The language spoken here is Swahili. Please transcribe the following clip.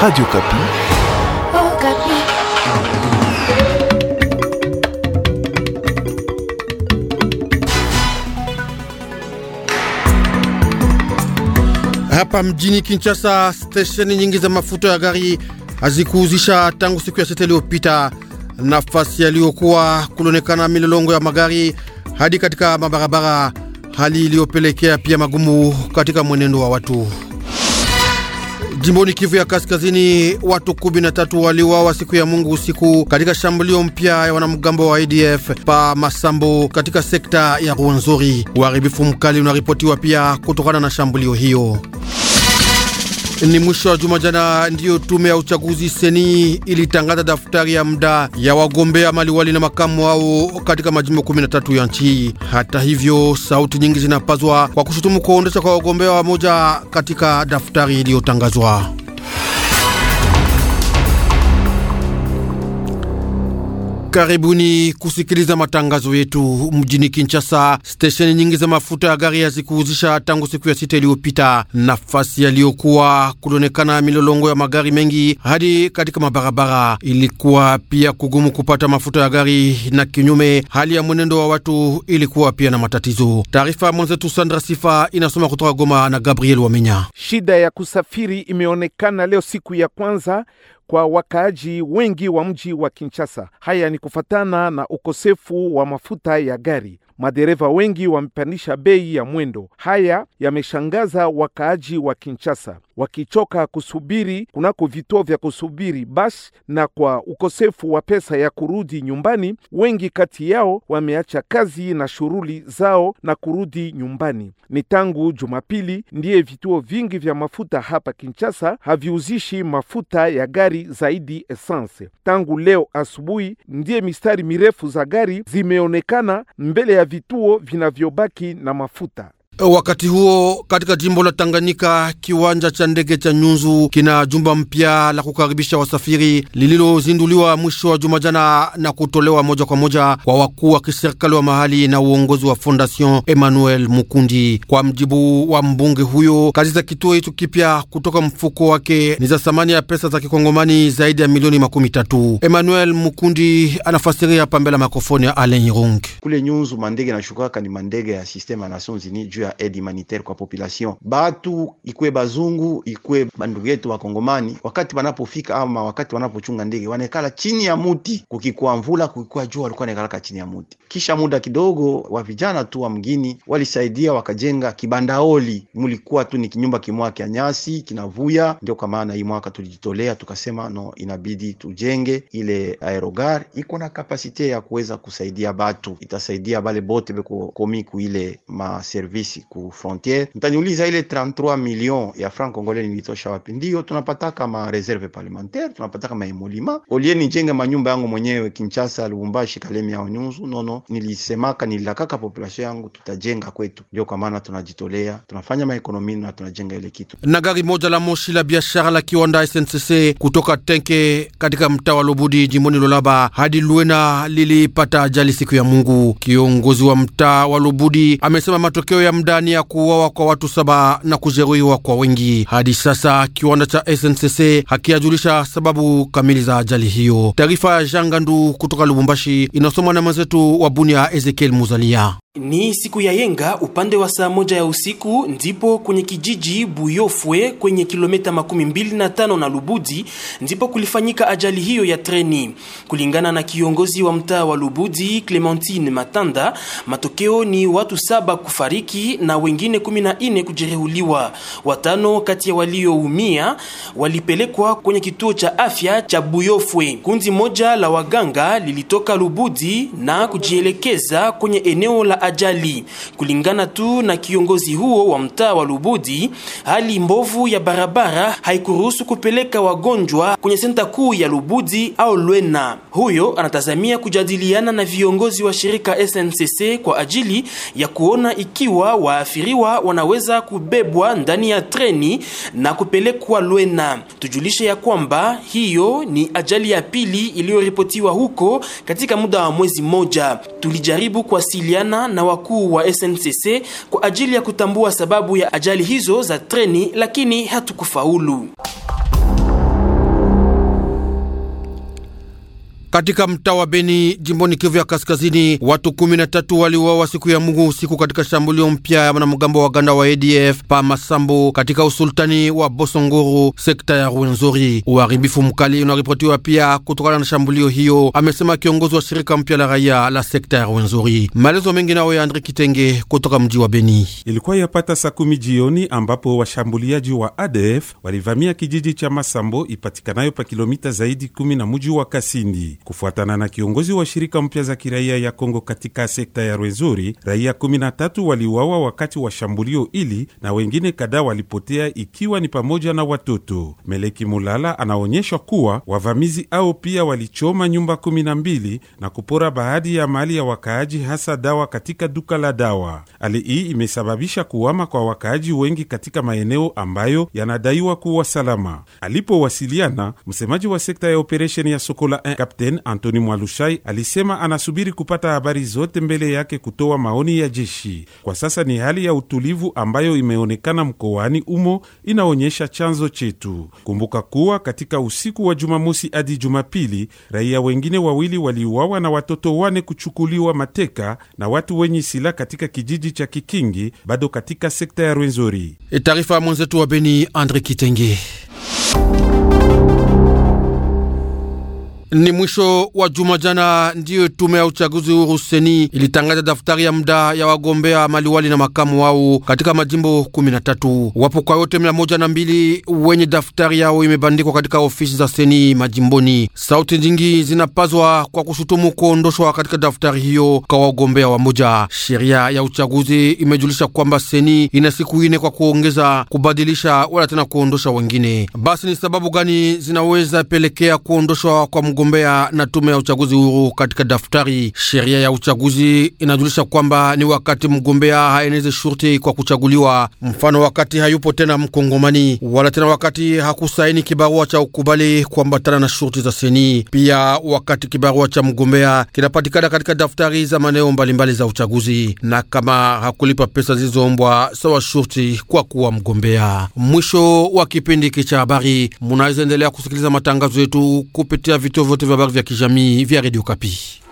Radio Kapi. Oh, Kapi. Hapa mjini Kinshasa, stesheni nyingi za mafuta ya gari hazikuuzisha tangu siku ya sita iliyopita. Nafasi yaliyokuwa kulionekana milolongo ya magari hadi katika mabarabara, hali iliyopelekea pia magumu katika mwenendo wa watu. Jimboni Kivu ya Kaskazini, watu 13 waliuawa siku ya Mungu usiku katika shambulio mpya ya wanamgambo wa ADF pa Masambo katika sekta ya Ruwenzori. Uharibifu mkali unaripotiwa pia kutokana na shambulio hiyo. Ni mwisho wa juma jana ndiyo tume ya uchaguzi seni ilitangaza daftari ya muda ya wagombea maliwali na makamu wao katika majimbo 13 ya nchi. Hata hivyo, sauti nyingi zinapazwa kwa kushutumu kuondesha kwa wagombea wamoja katika daftari iliyotangazwa. Karibuni kusikiliza matangazo yetu. Mjini Kinshasa, stesheni nyingi za mafuta ya gari hazikuuzisha tangu siku ya sita iliyopita, nafasi yaliyokuwa kulionekana milolongo ya magari mengi hadi katika mabarabara. Ilikuwa pia kugumu kupata mafuta ya gari na kinyume, hali ya mwenendo wa watu ilikuwa pia na matatizo. Taarifa ya mwenzetu Sandra Sifa inasoma kutoka Goma na Gabriel Wamenya. Shida ya kusafiri imeonekana leo siku ya kwanza kwa wakaaji wengi wa mji wa Kinshasa. Haya ni kufatana na ukosefu wa mafuta ya gari madereva wengi wamepandisha bei ya mwendo. Haya yameshangaza wakaaji wa Kinshasa wakichoka kusubiri kunako vituo vya kusubiri basi, na kwa ukosefu wa pesa ya kurudi nyumbani, wengi kati yao wameacha kazi na shughuli zao na kurudi nyumbani. Ni tangu Jumapili ndiye vituo vingi vya mafuta hapa Kinshasa haviuzishi mafuta ya gari zaidi essence. Tangu leo asubuhi ndiye mistari mirefu za gari zimeonekana mbele ya vituo vinavyobaki na mafuta. Wakati huo katika jimbo la Tanganyika, kiwanja cha ndege cha Nyunzu kina jumba mpya la kukaribisha wasafiri lililozinduliwa mwisho wa juma jana na kutolewa moja kwa moja kwa wakuu wa kiserikali wa mahali na uongozi wa Fondation Emmanuel Mukundi. Kwa mjibu wa mbunge huyo, kazi za kituo hicho kipya kutoka mfuko wake ni za thamani ya pesa za kikongomani zaidi ya milioni makumi tatu. Emmanuel Mukundi anafasiria hapa mbele ya makofoni ya Alen Irung. Kule Nyunzu mandege nashukaka ni mandege ya sistema ya Nations Unies juu ya aide humanitaire kwa population batu, ikwe bazungu ikwe bandugu yetu Wakongomani, wakati wanapofika ama wakati wanapochunga ndege wanekala chini ya muti, kukikua mvula kukikua jua walikuwa naekalaka chini ya muti. Kisha muda kidogo wa vijana tu wa mgini walisaidia wakajenga kibandaoli, mulikuwa tu ni kinyumba kimoja kya nyasi kinavuya. Ndio kwa maana hii mwaka tulijitolea tukasema, no, inabidi tujenge ile aerogar iko na kapasite ya kuweza kusaidia batu, itasaidia bale bote beko komi kuile maservisi polisi ku frontiere. Ntaniuliza ile 33 milioni ya franc congolais nilitosha wapi? Ndiyo tunapataka ma reserve parlementaire, tunapataka ma emolima olie nijenge manyumba yangu mwenyewe Kinshasa, Lubumbashi, Kalemi au Nyunzu. Nono, nilisemaka nililakaka population yangu tutajenga kwetu, ndio kwa maana tunajitolea, tunafanya maekonomi na tunajenga ile kitu. Na gari moja la moshi la biashara la kiwanda SNCC kutoka Tenke katika mtaa wa Lobudi jimboni Lolaba hadi Luena lilipata ajali siku ya Mungu. Kiongozi wa mtaa wa Lobudi amesema matokeo ya mdani ya kuuawa kwa watu saba na kujeruhiwa kwa wengi. Hadi sasa kiwanda cha SNCC hakiajulisha sababu kamili za ajali hiyo. Taarifa ya Jangandu kutoka Lubumbashi inasomwa na mwenzetu wa Bunia Ezekiel Muzalia. Ni siku ya yenga upande wa saa moja ya usiku ndipo kwenye kijiji Buyofwe kwenye kilomita makumi mbili na tano na Lubudi ndipo kulifanyika ajali hiyo ya treni. Kulingana na kiongozi wa mtaa wa Lubudi Clementine Matanda, matokeo ni watu saba kufariki na wengine kumi na nne kujeruhiwa. Watano kati ya walioumia walipelekwa kwenye kituo cha afya cha Buyofwe. Kundi moja la waganga lilitoka Lubudi na kujielekeza kwenye eneo la ajali. Kulingana tu na kiongozi huo wa mtaa wa Lubudi, hali mbovu ya barabara haikuruhusu kupeleka wagonjwa kwenye senta kuu ya Lubudi au Lwena. Huyo anatazamia kujadiliana na viongozi wa shirika SNCC kwa ajili ya kuona ikiwa waathiriwa wanaweza kubebwa ndani ya treni na kupelekwa Lwena. Tujulishe ya kwamba hiyo ni ajali ya pili iliyoripotiwa huko katika muda wa mwezi mmoja. Tulijaribu kuwasiliana na wakuu wa SNCC kwa ajili ya kutambua sababu ya ajali hizo za treni, lakini hatukufaulu. Katika mtaa wa Beni jimboni Kivu ya Kaskazini, watu 1umi tatu waliuawa siku ya Mungu usiku katika shambulio mpya ya wanamgambo wa Uganda wa ADF pa Masambo katika usultani wa Bosonguru sekta ya ruenzori Uharibifu mkali unaripotiwa pia kutokana na shambulio hiyo, amesema kiongozi wa shirika mpya la raia la sekta ya Rwenzori. Maelezo mengi nayo ya andri Kitenge kutoka mji wa Beni. Ilikuwa yapata saa kumi jioni ambapo washambuliaji wa ADF walivamia kijiji cha Masambo ipatikanayo pa kilomita zaidi kumi na mji wa Kasindi. Kufuatana na kiongozi wa shirika mpya za kiraia ya Kongo katika sekta ya Rwenzori, raia 13 waliuawa wakati wa shambulio hili na wengine kadhaa walipotea, ikiwa ni pamoja na watoto. Meleki Mulala anaonyeshwa kuwa wavamizi au pia walichoma nyumba 12 na kupora baadhi ya mali ya wakaaji, hasa dawa katika duka la dawa. Hali hii imesababisha kuhama kwa wakaaji wengi katika maeneo ambayo yanadaiwa kuwa salama. Alipowasiliana msemaji wa sekta ya operesheni ya Sokola 1 eh, UN Antoni Mwalushai alisema anasubiri kupata habari zote mbele yake kutoa maoni ya jeshi. Kwa sasa ni hali ya utulivu ambayo imeonekana mkoani umo inaonyesha chanzo chetu. Kumbuka kuwa katika usiku wa Jumamosi hadi Jumapili raia wengine wawili waliuawa na watoto wane kuchukuliwa mateka na watu wenye silaha katika kijiji cha Kikingi bado katika sekta ya Rwenzori. E, taarifa mwenzetu wa Beni Andre Kitenge. Ni mwisho wa juma jana ndiyo tume ya uchaguzi huru seni ilitangaza daftari ya muda ya wagombea maliwali na makamu wao katika majimbo 13. Wapo kwa yote mia moja na mbili wenye daftari yao imebandikwa katika ofisi za seni majimboni. Sauti nyingi zinapazwa kwa kushutumu kuondoshwa katika daftari hiyo kwa wagombea wa moja. Sheria ya uchaguzi imejulisha kwamba seni ina siku ine kwa kuongeza, kubadilisha wala tena kuondosha wengine. Basi ni sababu gani zinaweza pelekea kuondoshwa kwa wagombea na tume ya uchaguzi huru katika daftari. Sheria ya uchaguzi inajulisha kwamba ni wakati mgombea haeneze shurti kwa kuchaguliwa, mfano wakati hayupo tena Mkongomani wala tena wakati hakusaini kibarua cha ukubali kuambatana na shurti za seni. Pia wakati kibarua cha mgombea kinapatikana katika daftari za maeneo mbalimbali za uchaguzi, na kama hakulipa pesa zilizoombwa sawa shurti kwa kuwa mgombea. Mwisho wa kipindi hiki cha habari, munaweza endelea kusikiliza matangazo yetu kupitia vituo vyote vya habari vya kijamii vya Radio Kapi.